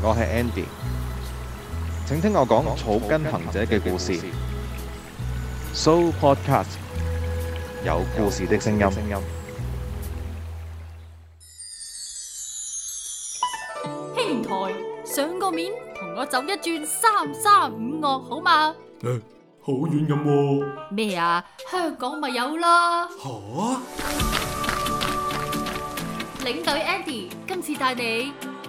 我係 Andy，請聽我講草根行者嘅故事。So Podcast 有故事的聲音。兄台上個面，同我走一轉三三五嶽，好嘛？誒，好遠咁？咩啊？香港咪有啦？好啊！領隊 Andy 今次帶你。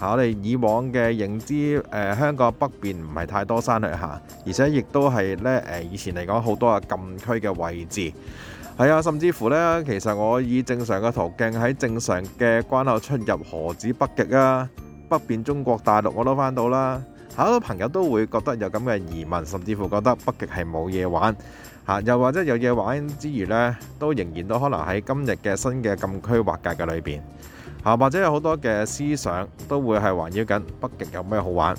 我哋以往嘅認知，誒、呃、香港北邊唔係太多山嶺嚇，而且亦都係呢誒以前嚟講好多嘅禁區嘅位置。係啊，甚至乎呢，其實我以正常嘅途徑喺正常嘅關口出入何止北極啊，北邊中國大陸我都返到啦。好多朋友都會覺得有咁嘅疑問，甚至乎覺得北極係冇嘢玩嚇、啊，又或者有嘢玩之餘呢，都仍然都可能喺今日嘅新嘅禁區劃界嘅裏邊。啊，或者有好多嘅思想都會係環繞緊北極有咩好玩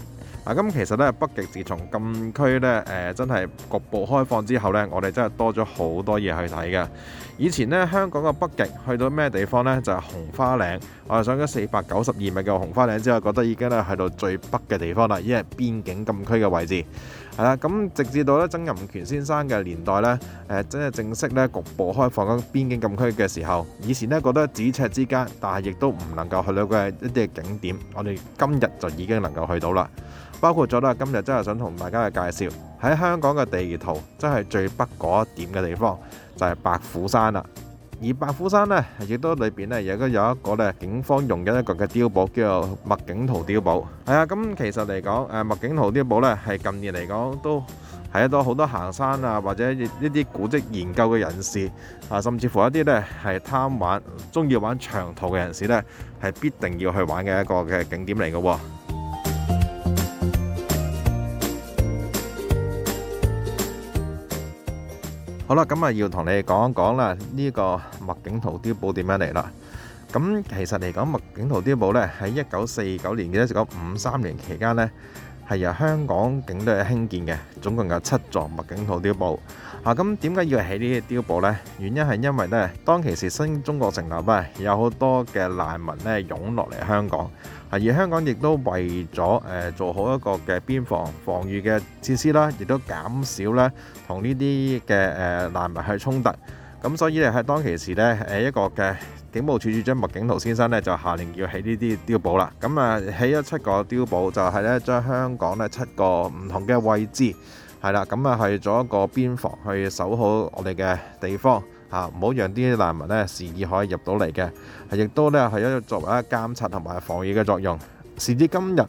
啊！咁其實呢，北極自從禁區呢誒，真係局部開放之後呢，我哋真係多咗好多嘢去睇嘅。以前呢，香港嘅北極去到咩地方呢？就係紅花嶺。我哋上咗四百九十二米嘅紅花嶺之後，覺得已經呢，去到最北嘅地方啦，因為邊境禁區嘅位置。係啦，咁直至到咧曾蔭權先生嘅年代咧，誒真係正式咧局部開放緊邊境禁區嘅時候，以前咧覺得咫尺之間，但係亦都唔能夠去到嘅一啲景點，我哋今日就已經能夠去到啦。包括咗咧，今日真係想同大家嘅介紹喺香港嘅地圖，真係最北嗰一點嘅地方就係白虎山啦。而白虎山咧，亦都裏邊咧，亦都有一個咧，警方用緊一個嘅碉堡，叫做麥景陶碉堡。係啊，咁其實嚟講，誒麥景陶碉堡咧，係近年嚟講都係多好多行山啊，或者一啲古蹟研究嘅人士啊，甚至乎一啲咧係貪玩、中意玩長途嘅人士咧，係必定要去玩嘅一個嘅景點嚟嘅喎。好啦，咁啊要同你哋講一講啦，呢個麥景陶碉堡點樣嚟啦？咁其實嚟講，麥景陶碉堡咧喺一九四九年嘅一九五三年期間咧，係由香港警隊興建嘅，總共有七座麥景陶碉堡。啊，咁點解要起呢啲碉堡咧？原因係因為咧，當其時新中國成立啦，有好多嘅難民咧湧落嚟香港。啊！而香港亦都為咗誒做好一個嘅邊防防禦嘅設施啦，亦都減少咧同呢啲嘅誒難民去衝突。咁所以咧喺當其時咧，誒一個嘅警務處處長麥景陶先生咧就下令要起呢啲碉堡啦。咁啊，起咗七個碉堡就係咧將香港咧七個唔同嘅位置係啦。咁啊，係做一個邊防去守好我哋嘅地方。嚇，唔好讓啲難民咧，時而可以入到嚟嘅，係亦都咧係一種作為一個監察同埋防禦嘅作用。時至今日，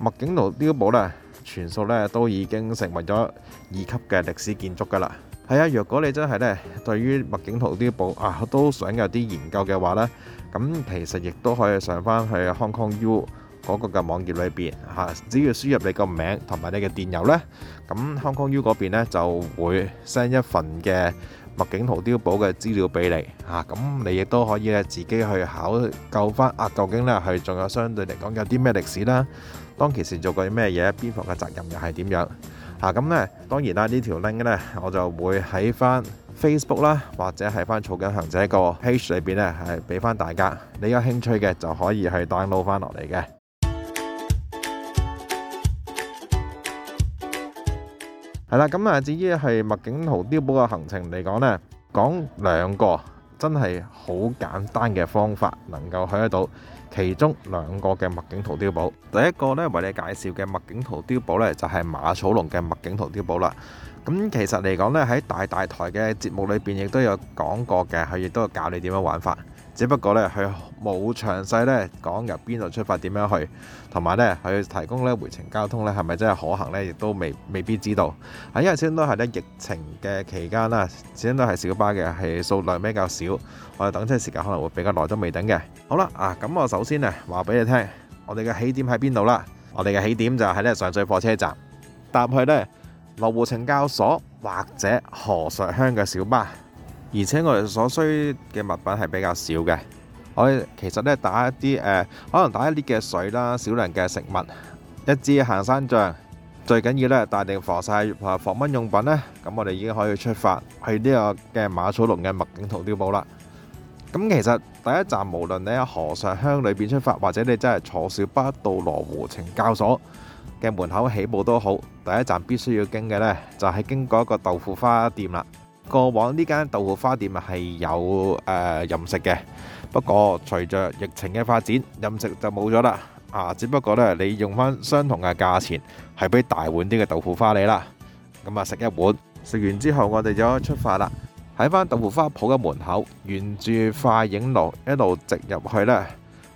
麥景陶碉堡咧，全數咧都已經成為咗二級嘅歷史建築㗎啦。係啊，若果你真係咧，對於麥景陶碉堡啊，都想有啲研究嘅話咧，咁其實亦都可以上翻去 Hong Kong U 嗰個嘅網頁裏邊嚇，只要輸入你個名同埋你嘅電郵咧，咁 Hong Kong U 嗰邊咧就會 send 一份嘅。物景圖碉堡嘅資料俾你嚇，咁你亦都可以咧自己去考究翻啊，究竟咧係仲有相對嚟講有啲咩歷史啦，當其時做過啲咩嘢，邊防嘅責任又係點樣？嚇咁咧，當然啦，呢條 link 咧我就會喺翻 Facebook 啦，或者喺翻草根行者個 page 裏邊咧係俾翻大家，你有興趣嘅就可以去 download 翻落嚟嘅。係啦，咁啊，至於係墨景圖碉堡嘅行程嚟講咧，講兩個真係好簡單嘅方法，能夠去得到其中兩個嘅墨景圖碉堡。第一個咧，為你介紹嘅墨景圖碉堡咧，就係馬草龍嘅墨景圖碉堡啦。咁其實嚟講咧，喺大大台嘅節目裏面亦都有講過嘅，佢亦都有教你點樣玩法。只不過咧，佢冇詳細咧講由邊度出發點樣去，同埋咧佢提供咧回程交通咧係咪真係可行咧，亦都未未必知道。啊，因為始終都係咧疫情嘅期間啦，始終都係小巴嘅，係數量比較少，我哋等車時間可能會比較耐都未等嘅。好啦，啊咁我首先啊話俾你聽，我哋嘅起點喺邊度啦？我哋嘅起點就喺咧上水火車站搭去咧羅湖懲教所或者河上鄉嘅小巴。而且我哋所需嘅物品係比較少嘅，我其實咧打一啲誒，可能打一啲嘅水啦，少量嘅食物，一支行山杖，最緊要咧帶定防曬啊防蚊用品咧，咁我哋已經可以出發去呢個嘅馬草壟嘅麥景陶碉堡啦。咁其實第一站無論你喺河上鄉裏邊出發，或者你真係坐小巴到羅湖懲教所嘅門口起步都好，第一站必須要經嘅咧就係經過一個豆腐花店啦。過往呢間豆腐花店啊，係有誒任、呃、食嘅，不過隨着疫情嘅發展，任食就冇咗啦。啊，只不過咧你用翻相同嘅價錢，係俾大碗啲嘅豆腐花你啦。咁啊食一碗，食完之後我哋就可以出發啦。喺翻豆腐花鋪嘅門口，沿住快影路一路直入去咧，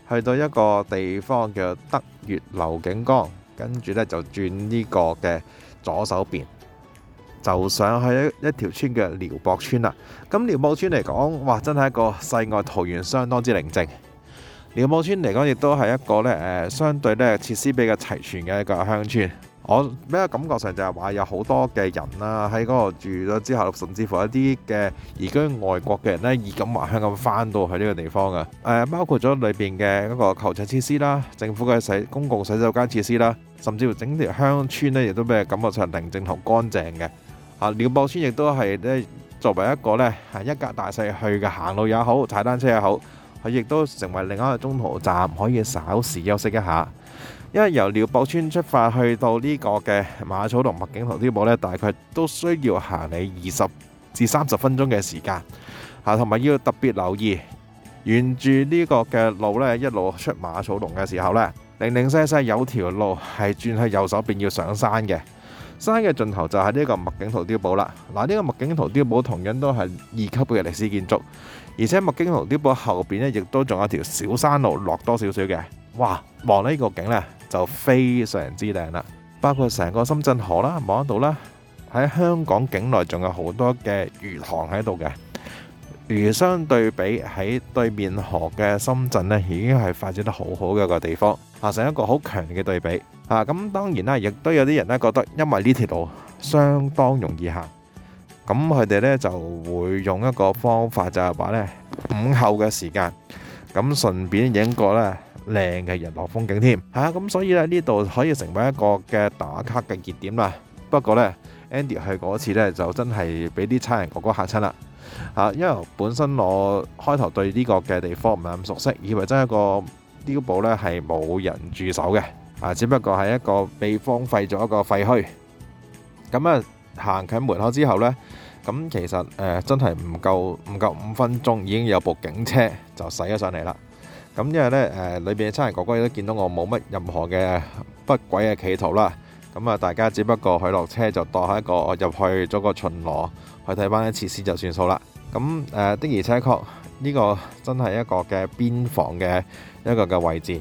去到一個地方叫德月樓景崗，跟住呢就轉呢個嘅左手邊。就想去一一條村嘅廖博村啦。咁廖博村嚟講，哇，真係一個世外桃源，相當之寧靜。廖博村嚟講，亦都係一個呢，誒、呃，相對呢，設施比較齊全嘅一個鄉村。我咩感覺上就係話有好多嘅人啦，喺嗰度住咗之後，甚至乎一啲嘅移居外國嘅人呢，衣錦還鄉咁返到去呢個地方嘅。誒、呃，包括咗裏邊嘅一個球場設施啦，政府嘅洗公共洗手間設施啦，甚至乎整條鄉村呢，亦都俾我感覺上寧靜同乾淨嘅。啊！廖博村亦都係咧作為一個咧，一家大細去嘅行路也好，踩單車也好，佢亦都成為另一個中途站，可以稍時休息一下。因為由廖博村出發去到呢個嘅馬草龍麥景陶碉堡咧，大概都需要行你二十至三十分鐘嘅時間。嚇，同埋要特別留意，沿住呢個嘅路咧，一路出馬草龍嘅時候呢，零零細細有條路係轉去右手邊要上山嘅。山嘅盡頭就係呢個麥景陶碉堡啦。嗱，呢個麥景陶碉堡同樣都係二級嘅歷史建築，而且麥景陶碉堡後邊咧，亦都仲有條小山路落多少少嘅。哇，望呢個景咧就非常之靚啦。包括成個深圳河啦，望嗰度啦，喺香港境內仲有好多嘅魚塘喺度嘅。而相對比喺對面河嘅深圳咧，已經係發展得好好嘅一個地方，形成一個好強烈嘅對比。啊，咁當然啦，亦都有啲人呢覺得，因為呢條路相當容易行，咁佢哋呢就會用一個方法就係話呢午後嘅時間，咁順便影個呢靚嘅日落風景添。嚇，咁所以呢呢度可以成為一個嘅打卡嘅熱點啦。不過呢，Andy 去嗰次呢就真係俾啲差人哥哥嚇親啦。嚇，因為本身我開頭對呢個嘅地方唔係咁熟悉，以為真係個碉堡呢係冇人駐守嘅。啊，只不過係一個被荒廢咗一個廢墟。咁啊，行近門口之後呢，咁其實誒真係唔夠唔夠五分鐘，已經有部警車就駛咗上嚟啦。咁因為呢，誒裏面嘅差人哥哥亦都見到我冇乜任何嘅不軌嘅企圖啦。咁啊，大家只不過去落車就當下一個入去咗個巡邏去睇翻啲設施就算數啦。咁誒的而且確呢個真係一個嘅邊防嘅一個嘅位置。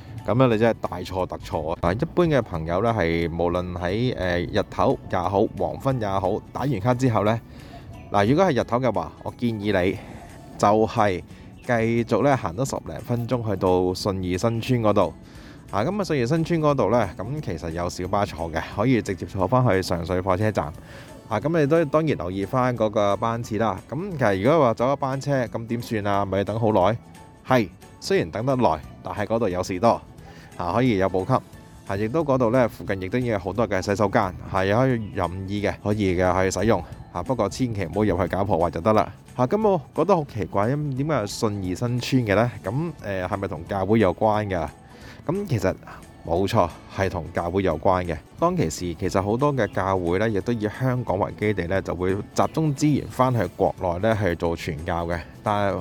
咁樣你真係大錯特錯啊！一般嘅朋友呢，係無論喺、呃、日頭也好，黃昏也好，打完卡之後呢，嗱，如果係日頭嘅話，我建議你就係繼續咧行多十零分鐘去到信義新村嗰度。啊，咁啊信義新村嗰度呢，咁其實有小巴坐嘅，可以直接坐返去上水火車站。啊，咁你都當然留意翻嗰個班次啦。咁其實如果話走一班車，咁點算啊？咪要等好耐。係，雖然等得耐，但係嗰度有事多。啊，可以有補給，嚇！亦都嗰度呢附近亦都有好多嘅洗手間，係可以任意嘅，可以嘅去使用。嚇！不過千祈唔好入去搞破壞就得啦。嚇、啊！咁我覺得好奇怪，點解信義新村嘅呢？咁誒係咪同教會有關㗎？咁其實冇錯，係同教會有關嘅。當其時，其實好多嘅教會呢，亦都以香港為基地呢，就會集中資源返去國內呢，去做傳教嘅。但係，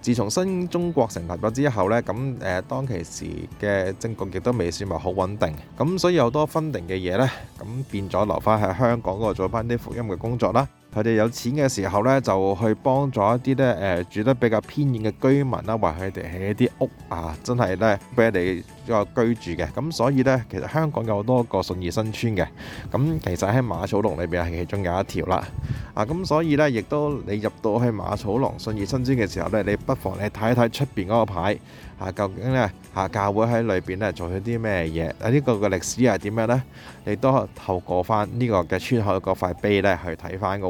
自從新中國成立咗之後咧，咁誒當其時嘅政局亦都未算話好穩定，咁所以好多分定嘅嘢呢，咁變咗留翻喺香港嗰度做翻啲福音嘅工作啦。佢哋有錢嘅時候呢，就去幫助一啲呢誒住得比較偏遠嘅居民啦，為佢哋起啲屋啊，真係呢俾佢哋有居住嘅。咁所以呢，其實香港有好多個信義新村嘅，咁其實喺馬草龍裏邊係其中有一條啦。啊，咁所以呢，亦都你入到去馬草龍信義新村嘅時候呢，你不妨你睇一睇出邊嗰個牌啊，究竟呢。教會喺裏邊咧做咗啲咩嘢？啊！呢個嘅歷史係點樣呢？你都透過翻呢個嘅村口嗰塊碑呢去睇翻噶。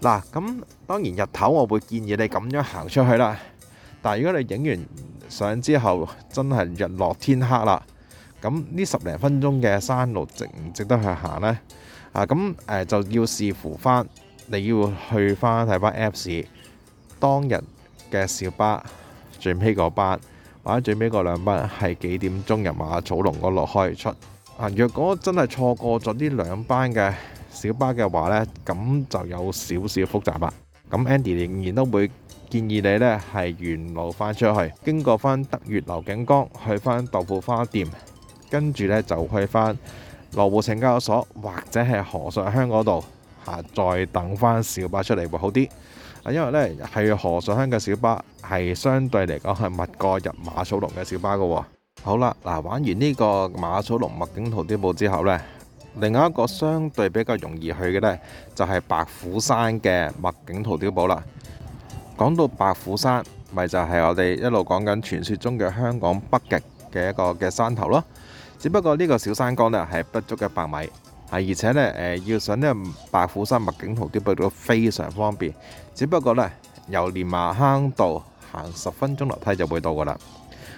嗱，咁當然日頭，我會建議你咁樣行出去啦。但係如果你影完相之後，真係日落天黑啦，咁呢十零分鐘嘅山路值唔值得去行呢？啊，咁誒就要視乎翻你要去翻睇翻 Apps。當日嘅小巴最尾個班，或者最尾個兩班係幾點鐘入馬草龍嗰度開出？啊，若果真係錯過咗呢兩班嘅小巴嘅話呢，咁就有少少複雜啦。咁 Andy 仍然都會建議你呢係沿路返出去，經過返德月樓景江去返豆腐花店，跟住呢就去返羅湖懲教所或者係河上鄉嗰度嚇，再等返小巴出嚟會好啲。因為呢係河上鄉嘅小巴係相對嚟講係密過入馬草壟嘅小巴㗎喎。好啦，嗱，玩完呢個馬草壟麥景陶碉堡之後呢，另外一個相對比較容易去嘅呢，就係白虎山嘅麥景陶碉堡啦。講到白虎山，咪就係我哋一路講緊傳説中嘅香港北極嘅一個嘅山頭咯。只不過呢個小山崗呢係不足一百米啊，而且呢，誒要上呢個白虎山麥景陶碉堡都非常方便。只不過呢由連麻坑道行十分鐘樓梯就會到噶啦。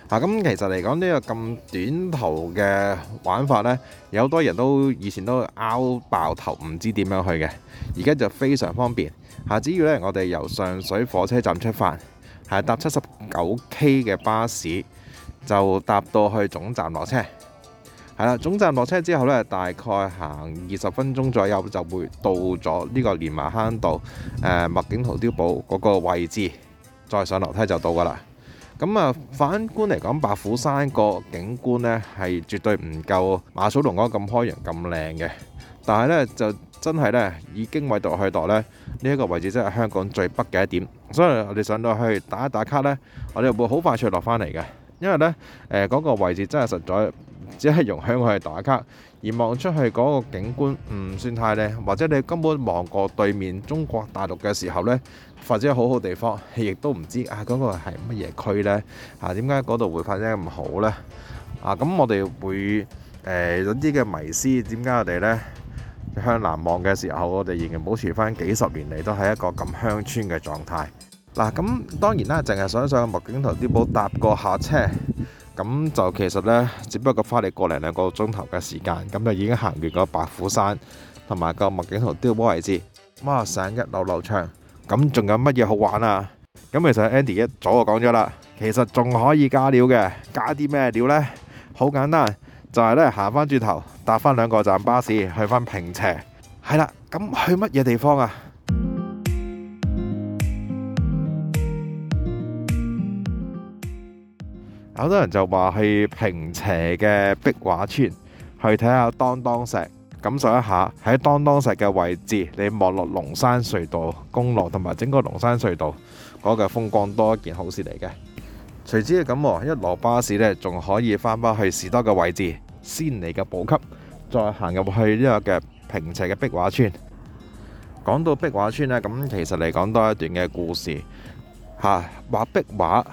咁、啊、其實嚟講呢個咁短途嘅玩法呢，有好多人都以前都拗爆頭，唔知點樣去嘅。而家就非常方便。下只要我哋由上水火車站出發，係搭七十九 K 嘅巴士，就搭到去總站落車。係喇，總站落車之後呢，大概行二十分鐘左右就會到咗呢個連麻坑道誒麥景陶碉堡嗰個位置，再上樓梯就到㗎喇。咁啊，反觀嚟講，白虎山個景觀呢係絕對唔夠馬草壟江咁開揚咁靚嘅，但係呢，就真係呢，以經緯度去度呢，呢一個位置，真係香港最北嘅一點。所以我哋上到去打一打卡呢，我哋會好快脆落返嚟嘅，因為呢，誒、呃、嗰、那個位置真係實在。只係容許我哋打卡，而望出去嗰個景觀唔、嗯、算太靚，或者你根本望過對面中國大陸嘅時候呢，發展好好地方，亦都唔知道啊嗰、那個係乜嘢區呢？啊，點解嗰度會發展咁好呢？啊，咁我哋會誒、呃、有啲嘅迷思，點解我哋呢？向南望嘅時候，我哋仍然保持翻幾十年嚟都係一個咁鄉村嘅狀態？嗱、啊，咁當然啦，淨係想上麥景陶碉堡搭個下車。咁就其實呢，只不過個花你個零兩個鐘頭嘅時間，咁就已經行完個白虎山同埋個麥景陶碉堡位置，哇，上一路流暢。咁仲有乜嘢好玩啊？咁其實 Andy 一早就講咗啦，其實仲可以加料嘅，加啲咩料呢？好簡單，就係呢：行返轉頭搭返兩個站巴士去返坪輋。係啦，咁去乜嘢地方啊？好多人就話去平斜嘅壁畫村去睇下當當石，感受一下喺當當石嘅位置，你望落龍山隧道公路同埋整個龍山隧道嗰嘅，嗰個、風光，多一件好事嚟嘅。隨之咁，一落巴士呢，仲可以返返去士多嘅位置，先嚟嘅補給，再行入去呢個嘅平斜嘅壁畫村。講到壁畫村呢，咁其實嚟講多一段嘅故事，吓畫壁畫。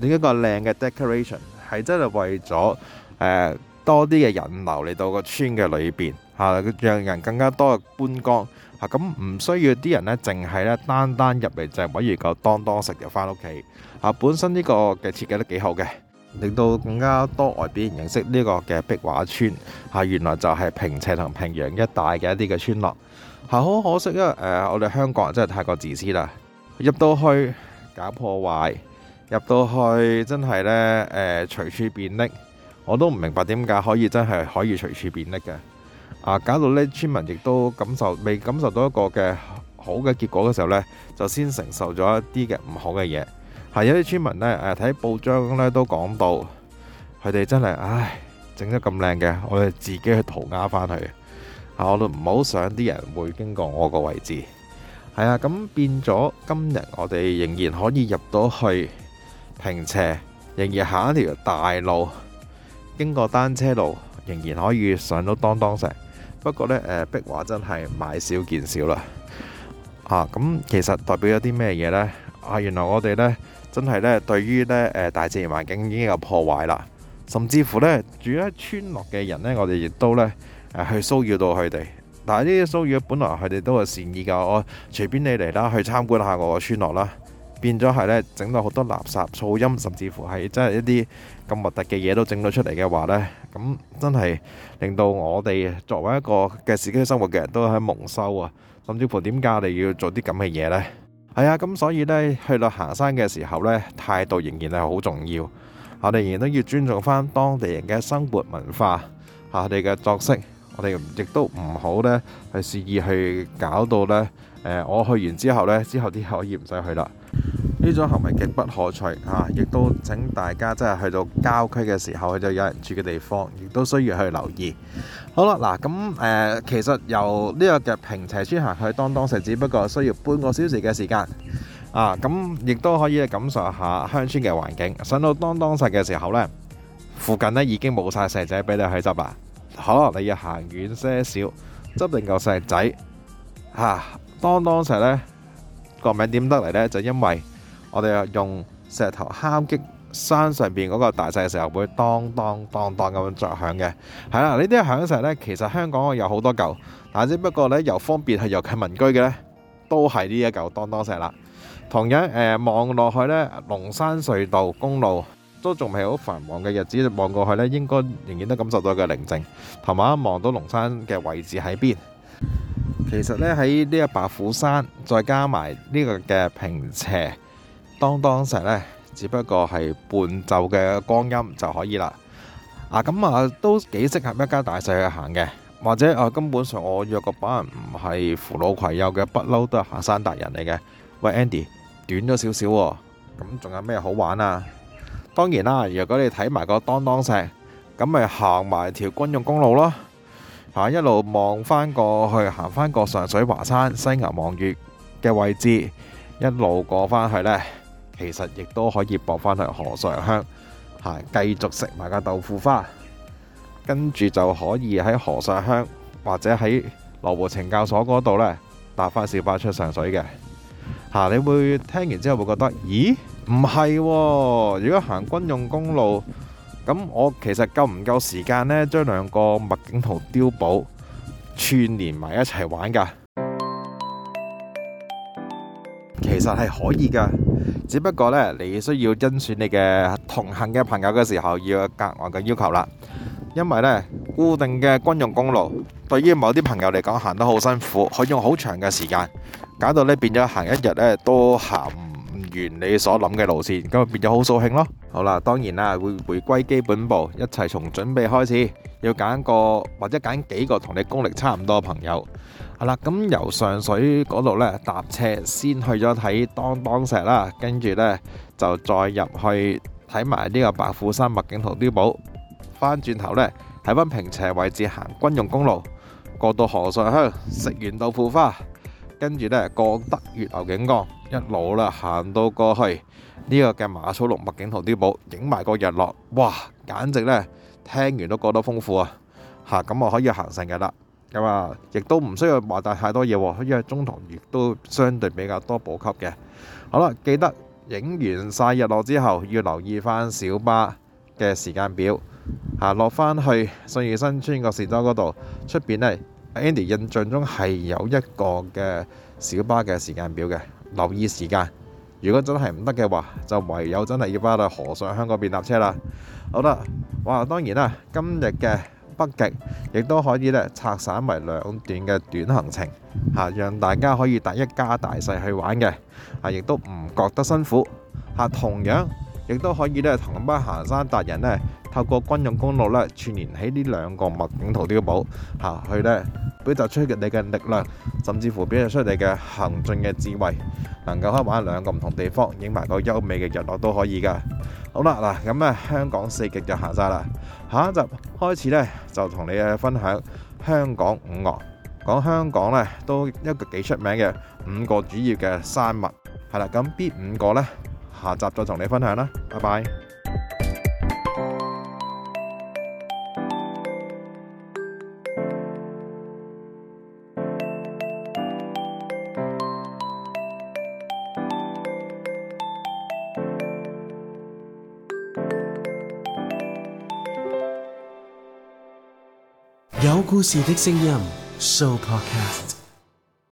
另、呃、一個靚嘅 decoration 係真係為咗誒多啲嘅人流嚟到個村嘅裏邊吓、啊，讓人更加多嘅觀光吓，咁、啊、唔需要啲人咧，淨係咧單單入嚟就揾完嚿當當食就返屋企吓。本身呢個嘅設計都幾好嘅，令到更加多外邊認識呢個嘅壁畫村吓、啊，原來就係坪輋同坪洋一帶嘅一啲嘅村落吓、啊。好可惜、啊，因、呃、誒我哋香港人真係太過自私啦，入到去搞破壞。入到去真係呢誒，隨處便溺，我都唔明白點解可以真係可以隨處便溺嘅啊！搞到呢，村民亦都感受未感受到一個嘅好嘅結果嘅時候呢，就先承受咗一啲嘅唔好嘅嘢。係有啲村民呢，睇報章呢都講到佢哋真係唉，整得咁靚嘅，我哋自己去塗鴉返去啊！我都唔好想啲人會經過我個位置係啊。咁變咗今日，我哋仍然可以入到去。停車，仍然行一條大路，經過單車路，仍然可以上到當當城。不過呢，誒，碧華真係買少見少啦。啊，咁其實代表咗啲咩嘢呢？啊，原來我哋呢，真係呢，對於呢誒大自然環境已經有破壞啦，甚至乎呢，住喺村落嘅人呢，我哋亦都呢，去騷擾到佢哋。但係呢啲騷擾本來佢哋都係善意噶我隨便你嚟啦，去參觀下我嘅村落啦。變咗係咧，整到好多垃圾、噪音，甚至乎係真係一啲咁核突嘅嘢都整到出嚟嘅話咧，咁真係令到我哋作為一個嘅自己生活嘅人都喺蒙羞啊！甚至乎點解我哋要做啲咁嘅嘢咧？係啊，咁所以咧去到行山嘅時候咧，態度仍然係好重要。我哋仍然都要尊重翻當地人嘅生活文化嚇，佢哋嘅作息，我哋亦都唔好咧去肆意去搞到咧。誒，我去完之後咧，之後啲可以唔使去啦。呢種行為極不可取啊！亦都請大家真係去到郊區嘅時候，去到有人住嘅地方，亦都需要去留意。好啦，嗱咁誒，其實由呢個嘅平斜村行去當當石，只不過需要半個小時嘅時間啊！咁亦都可以感受下鄉村嘅環境。上到當當石嘅時候呢，附近呢已經冇晒石仔俾你去執啊，可能你要行遠些少執定個石仔嚇。當當石呢，個名點得嚟呢？就因為，我哋用石頭敲擊山上邊嗰個大石嘅時候，會當當當當咁樣着響嘅。係啦，呢啲響石呢，其實香港有好多嚿，但係只不過呢，由方便係又近民居嘅呢，都係呢一嚿當當石啦。同樣誒、呃，望落去呢，龍山隧道公路都仲未好繁忙嘅日子，望過去呢，應該仍然都感受到嘅寧靜。同埋一望到龍山嘅位置喺邊，其實呢，喺呢一白虎山，再加埋呢個嘅平斜。當當石呢，只不過係伴奏嘅光陰就可以啦。啊，咁啊都幾適合一家大細去行嘅，或者啊根本上我約個班人唔係扶老攜幼嘅，不嬲都係行山達人嚟嘅。喂，Andy，短咗少少，咁仲有咩好玩啊？當然啦，如果你睇埋個當當石，咁咪行埋條軍用公路咯，啊一路望翻過去，行翻個上水華山西牛望月嘅位置，一路過翻去呢。其實亦都可以駁返去河上鄉，嚇，繼續食埋個豆腐花，跟住就可以喺河上鄉或者喺羅湖懲教所嗰度呢，搭返小巴出上水嘅。嚇，你會聽完之後會覺得，咦，唔係、啊？如果行軍用公路，咁我其實夠唔夠時間呢？將兩個麥景陶碉堡串連埋一齊玩㗎。其實係可以噶只不過呢，你需要甄選你嘅同行嘅朋友嘅時候，要格外嘅要求啦。因為呢，固定嘅軍用公路，對於某啲朋友嚟講行得好辛苦，可以用好長嘅時間，搞到你變咗行一日咧都行完你所諗嘅路線，咁咪變咗好掃興咯。好啦，當然啦，會回歸基本步，一齊從準備開始，要揀個或者揀幾個同你功力差唔多嘅朋友。好啦，咁由上水嗰度咧，搭車先去咗睇當當石啦，跟住咧就再入去睇埋呢個白虎山麥景陶碉堡。翻轉頭咧，喺溫平斜位置行軍用公路，過到河上鄉食完豆腐花，跟住咧過得月流景江，一路啦，行到過去呢個嘅馬草壟麥景陶碉堡，影埋個日落，哇！簡直咧，聽完都覺得豐富啊。嚇，咁我可以行成日啦。咁啊，亦都唔需要話帶太多嘢，因為中途亦都相對比較多補給嘅。好啦，記得影完曬日落之後，要留意翻小巴嘅時間表嚇，落翻去信義新村個士多嗰度出邊咧。Andy 印象中係有一個嘅小巴嘅時間表嘅。留意時間，如果真係唔得嘅話，就唯有真係要返去河上香港邊搭車啦。好啦，哇，當然啦，今日嘅北極亦都可以咧拆散為兩段嘅短行程，嚇，讓大家可以帶一家大細去玩嘅，啊，亦都唔覺得辛苦，嚇，同樣，亦都可以咧，同一班行山達人咧，透過軍用公路咧，串聯起呢兩個墨影圖碉堡嚇，去咧表達出你嘅力量，甚至乎表達出你嘅行進嘅智慧，能夠去玩兩個唔同地方，影埋個優美嘅日落都可以㗎。好啦，嗱咁啊，香港四極就行晒啦，下一集開始咧就同你去分享香港五嶽。講香港咧都一個幾出名嘅五個主要嘅山脈，係啦，咁邊五個咧？下集再同你分享啦，拜拜。有故事的聲音，Show Podcast。